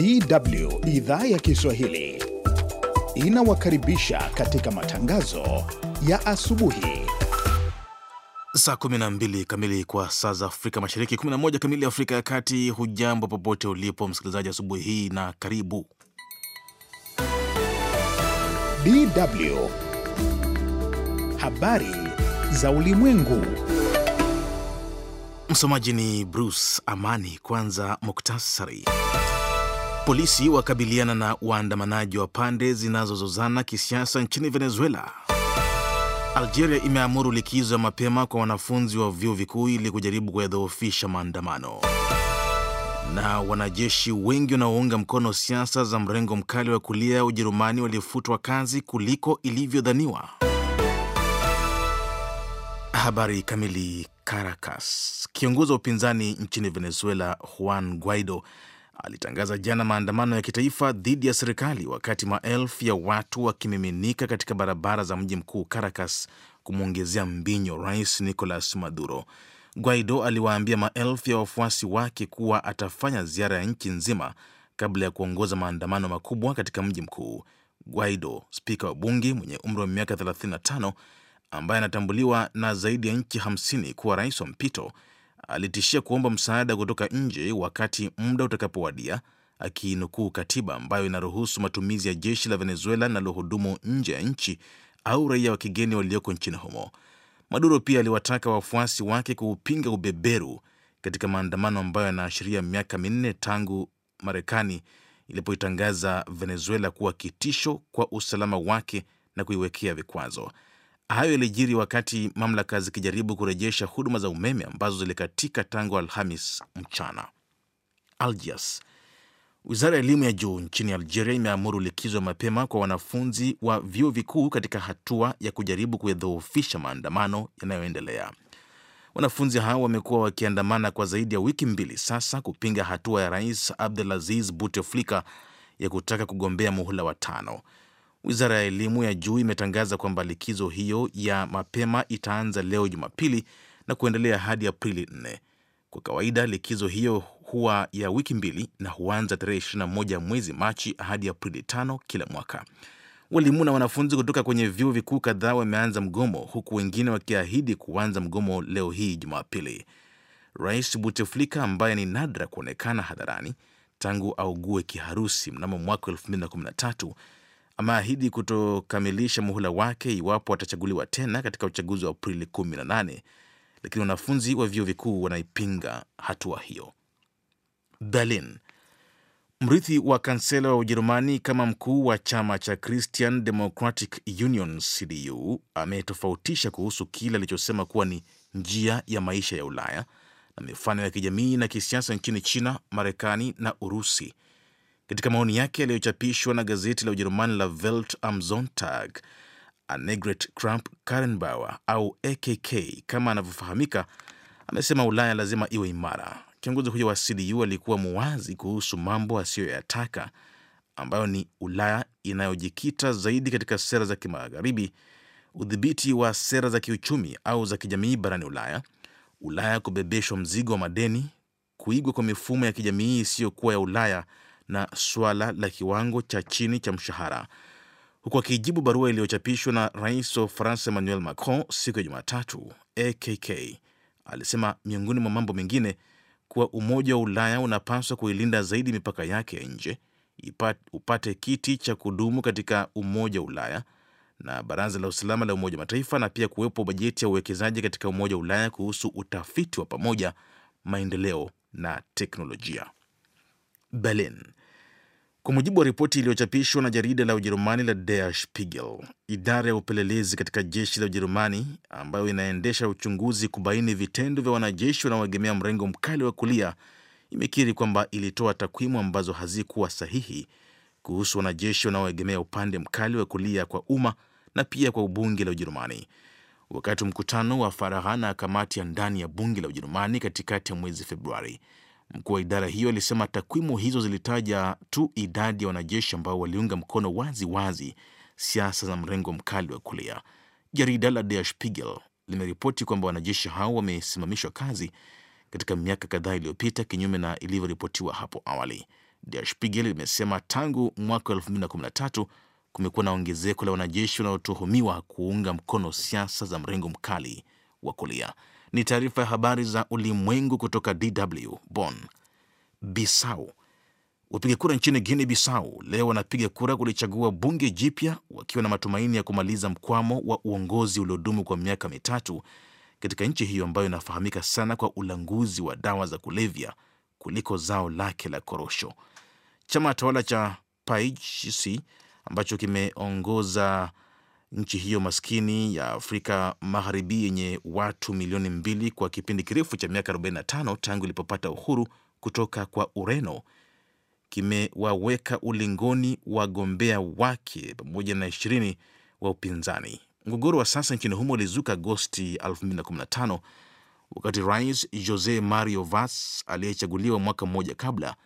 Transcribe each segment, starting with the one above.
DW idhaa ya Kiswahili inawakaribisha katika matangazo ya asubuhi saa 12 kamili kwa saa za Afrika Mashariki, 11 kamili Afrika ya Kati. Hujambo popote ulipo msikilizaji asubuhi hii na karibu. DW habari za ulimwengu. Msomaji ni Bruce Amani. Kwanza muktasari Polisi wakabiliana na waandamanaji wa pande zinazozozana kisiasa nchini Venezuela. Algeria imeamuru likizo ya mapema kwa wanafunzi wa vyuo vikuu ili kujaribu kuyadhoofisha maandamano. Na wanajeshi wengi wanaounga mkono siasa za mrengo mkali wa kulia Ujerumani waliofutwa kazi kuliko ilivyodhaniwa. Habari kamili. Caracas. Kiongozi wa upinzani nchini Venezuela Juan Guaido alitangaza jana maandamano ya kitaifa dhidi ya serikali, wakati maelfu ya watu wakimiminika katika barabara za mji mkuu Caracas kumwongezea mbinyo Rais Nicolas Maduro. Guaido aliwaambia maelfu ya wafuasi wake kuwa atafanya ziara ya nchi nzima kabla ya kuongoza maandamano makubwa katika mji mkuu. Guaido, spika wa bunge mwenye umri wa miaka 35 ambaye anatambuliwa na zaidi ya nchi 50 kuwa rais wa mpito alitishia kuomba msaada kutoka nje wakati muda utakapowadia, akiinukuu katiba ambayo inaruhusu matumizi ya jeshi la Venezuela linalohudumu nje ya nchi au raia wa kigeni walioko nchini humo. Maduro pia aliwataka wafuasi wake kuupinga ubeberu katika maandamano ambayo yanaashiria miaka minne tangu Marekani ilipoitangaza Venezuela kuwa kitisho kwa usalama wake na kuiwekea vikwazo. Hayo yalijiri wakati mamlaka zikijaribu kurejesha huduma za umeme ambazo zilikatika tangu Alhamis mchana. Algiers. Wizara ya elimu ya juu nchini Algeria imeamuru likizo ya mapema kwa wanafunzi wa vyuo vikuu katika hatua ya kujaribu kuyadhoofisha maandamano yanayoendelea. Wanafunzi hao wamekuwa wakiandamana kwa zaidi ya wiki mbili sasa kupinga hatua ya rais Abdelaziz Bouteflika ya kutaka kugombea muhula wa tano. Wizara ya elimu ya juu imetangaza kwamba likizo hiyo ya mapema itaanza leo Jumapili na kuendelea hadi Aprili 4. Kwa kawaida likizo hiyo huwa ya wiki mbili na huanza tarehe 21 mwezi Machi hadi Aprili 5 kila mwaka. Walimu na wanafunzi kutoka kwenye vyuo vikuu kadhaa wameanza mgomo huku wengine wakiahidi kuanza mgomo leo hii Jumapili. Rais Buteflika ambaye ni nadra kuonekana hadharani tangu augue kiharusi mnamo mwaka 2013 ameahidi kutokamilisha muhula wake iwapo atachaguliwa tena katika uchaguzi wa Aprili 18, lakini wanafunzi wa vyuo vikuu wanaipinga hatua wa hiyo. Berlin. Mrithi wa kansela wa Ujerumani kama mkuu wa chama cha Christian Democratic Union CDU ametofautisha kuhusu kile alichosema kuwa ni njia ya maisha ya Ulaya na mifano ya kijamii na kisiasa nchini China, Marekani na Urusi. Katika maoni yake yaliyochapishwa na gazeti la Ujerumani la Welt am Sonntag, Annegret Kramp-Karrenbauer au AKK kama anavyofahamika, amesema Ulaya lazima iwe imara. Kiongozi huyo wa CDU alikuwa muwazi kuhusu mambo asiyoyataka ambayo ni Ulaya inayojikita zaidi katika sera za kimagharibi, udhibiti wa sera za kiuchumi au za kijamii barani Ulaya, Ulaya kubebeshwa mzigo wa madeni, kuigwa kwa mifumo ya kijamii isiyokuwa ya Ulaya na swala la kiwango cha chini cha mshahara, huku akijibu barua iliyochapishwa na rais wa Ufaransa Emmanuel Macron siku ya Jumatatu, AKK alisema miongoni mwa mambo mengine kuwa Umoja wa Ulaya unapaswa kuilinda zaidi mipaka yake ya nje upate kiti cha kudumu katika Umoja wa Ulaya na Baraza la Usalama la Umoja wa Mataifa, na pia kuwepo bajeti ya uwekezaji katika Umoja wa Ulaya kuhusu utafiti wa pamoja, maendeleo na teknolojia. Berlin kwa mujibu wa ripoti iliyochapishwa na jarida la Ujerumani la Der Spiegel, idara ya upelelezi katika jeshi la Ujerumani ambayo inaendesha uchunguzi kubaini vitendo vya wanajeshi wanaoegemea mrengo mkali wa kulia imekiri kwamba ilitoa takwimu ambazo hazikuwa sahihi kuhusu wanajeshi wanaoegemea upande mkali wa kulia kwa umma na pia kwa bunge la Ujerumani. Wakati mkutano wa faragha na kamati ya ndani ya bunge la Ujerumani katikati ya mwezi Februari, Mkuu wa idara hiyo alisema takwimu hizo zilitaja tu idadi ya wanajeshi ambao waliunga mkono wazi wazi siasa za mrengo mkali wa kulia. Jarida la Der Spiegel limeripoti kwamba wanajeshi hao wamesimamishwa kazi katika miaka kadhaa iliyopita, kinyume na ilivyoripotiwa hapo awali. Der Spiegel limesema tangu mwaka 2013 kumekuwa na ongezeko la wanajeshi wanaotuhumiwa kuunga mkono siasa za mrengo mkali wa kulia ni taarifa ya habari za ulimwengu kutoka DW Bon. Bisau. Wapiga kura nchini Guinea Bisau leo wanapiga kura kulichagua bunge jipya wakiwa na matumaini ya kumaliza mkwamo wa uongozi uliodumu kwa miaka mitatu katika nchi hiyo ambayo inafahamika sana kwa ulanguzi wa dawa za kulevya kuliko zao lake la korosho. Chama tawala cha PAIGC ambacho kimeongoza nchi hiyo maskini ya Afrika Magharibi yenye watu milioni mbili kwa kipindi kirefu cha miaka 45 tangu ilipopata uhuru kutoka kwa Ureno kimewaweka ulingoni wagombea wake pamoja na ishirini wa upinzani. Mgogoro wa sasa nchini humo ulizuka Agosti 2015 wakati Rais Jose Mario Vaz aliyechaguliwa mwaka mmoja kabla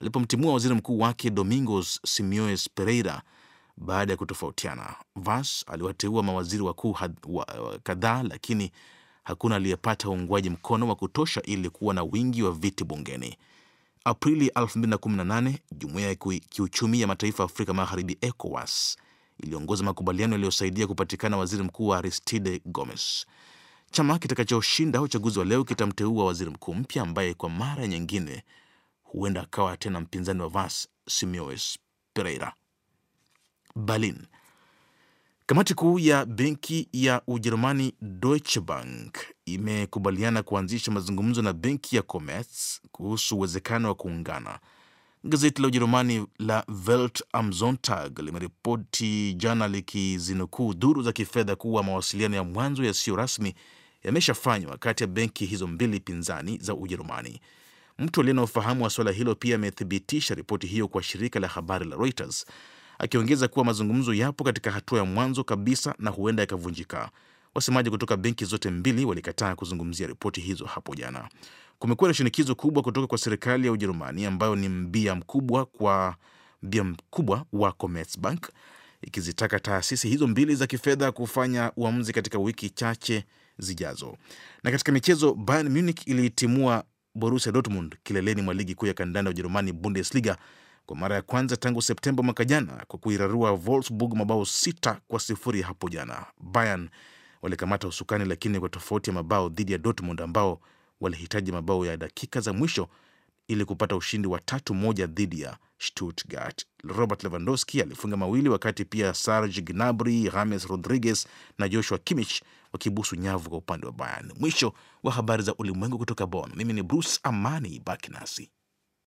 alipomtimua waziri mkuu wake Domingos simoes Pereira baada ya kutofautiana. Vas aliwateua mawaziri wakuu kadhaa, lakini hakuna aliyepata uungwaji mkono wa kutosha ili kuwa na wingi wa viti bungeni. Aprili 2018 jumuiya ya kiuchumi ya mataifa ya Afrika Magharibi, ECOWAS, iliongoza makubaliano yaliyosaidia kupatikana waziri mkuu wa Aristide Gomes. Chama kitakachoshinda uchaguzi wa leo kitamteua waziri mkuu mpya ambaye kwa mara nyingine huenda akawa tena mpinzani wa Vas, Simios Pereira. Berlin. Kamati kuu ya benki ya Ujerumani Deutsche Bank imekubaliana kuanzisha mazungumzo na benki ya Commerz kuhusu uwezekano wa kuungana. Gazeti la Ujerumani la Welt am Sonntag limeripoti jana likizinukuu duru za kifedha kuwa mawasiliano ya mwanzo yasiyo rasmi yameshafanywa kati ya benki hizo mbili pinzani za Ujerumani. Mtu aliye na ufahamu wa suala hilo pia amethibitisha ripoti hiyo kwa shirika la habari la Reuters akiongeza kuwa mazungumzo yapo katika hatua ya mwanzo kabisa na huenda yakavunjika. Wasemaji kutoka benki zote mbili walikataa kuzungumzia ripoti hizo hapo jana. Kumekuwa na shinikizo kubwa kutoka kwa serikali ya Ujerumani ambayo ni mbia mkubwa kwa mbia mkubwa wa Commerzbank ikizitaka taasisi hizo mbili za kifedha kufanya uamuzi katika wiki chache zijazo. Na katika michezo, Bayern Munich iliitimua Borussia Dortmund kileleni mwa ligi kuu ya kandanda ya Ujerumani, Bundesliga kwa mara ya kwanza tangu Septemba mwaka jana kwa kuirarua Wolfsburg mabao sita kwa sifuri hapo jana. Bayern walikamata usukani, lakini kwa tofauti ya mabao dhidi ya Dortmund ambao walihitaji mabao ya dakika za mwisho ili kupata ushindi wa tatu moja dhidi ya Stuttgart. Robert Lewandowski alifunga mawili, wakati pia Serge Gnabry, James Rodriguez na Joshua Kimmich wakibusu nyavu kwa upande wa Bayern. Mwisho wa habari za ulimwengu kutoka Bonn. Mimi ni Bruce Amani, baki nasi.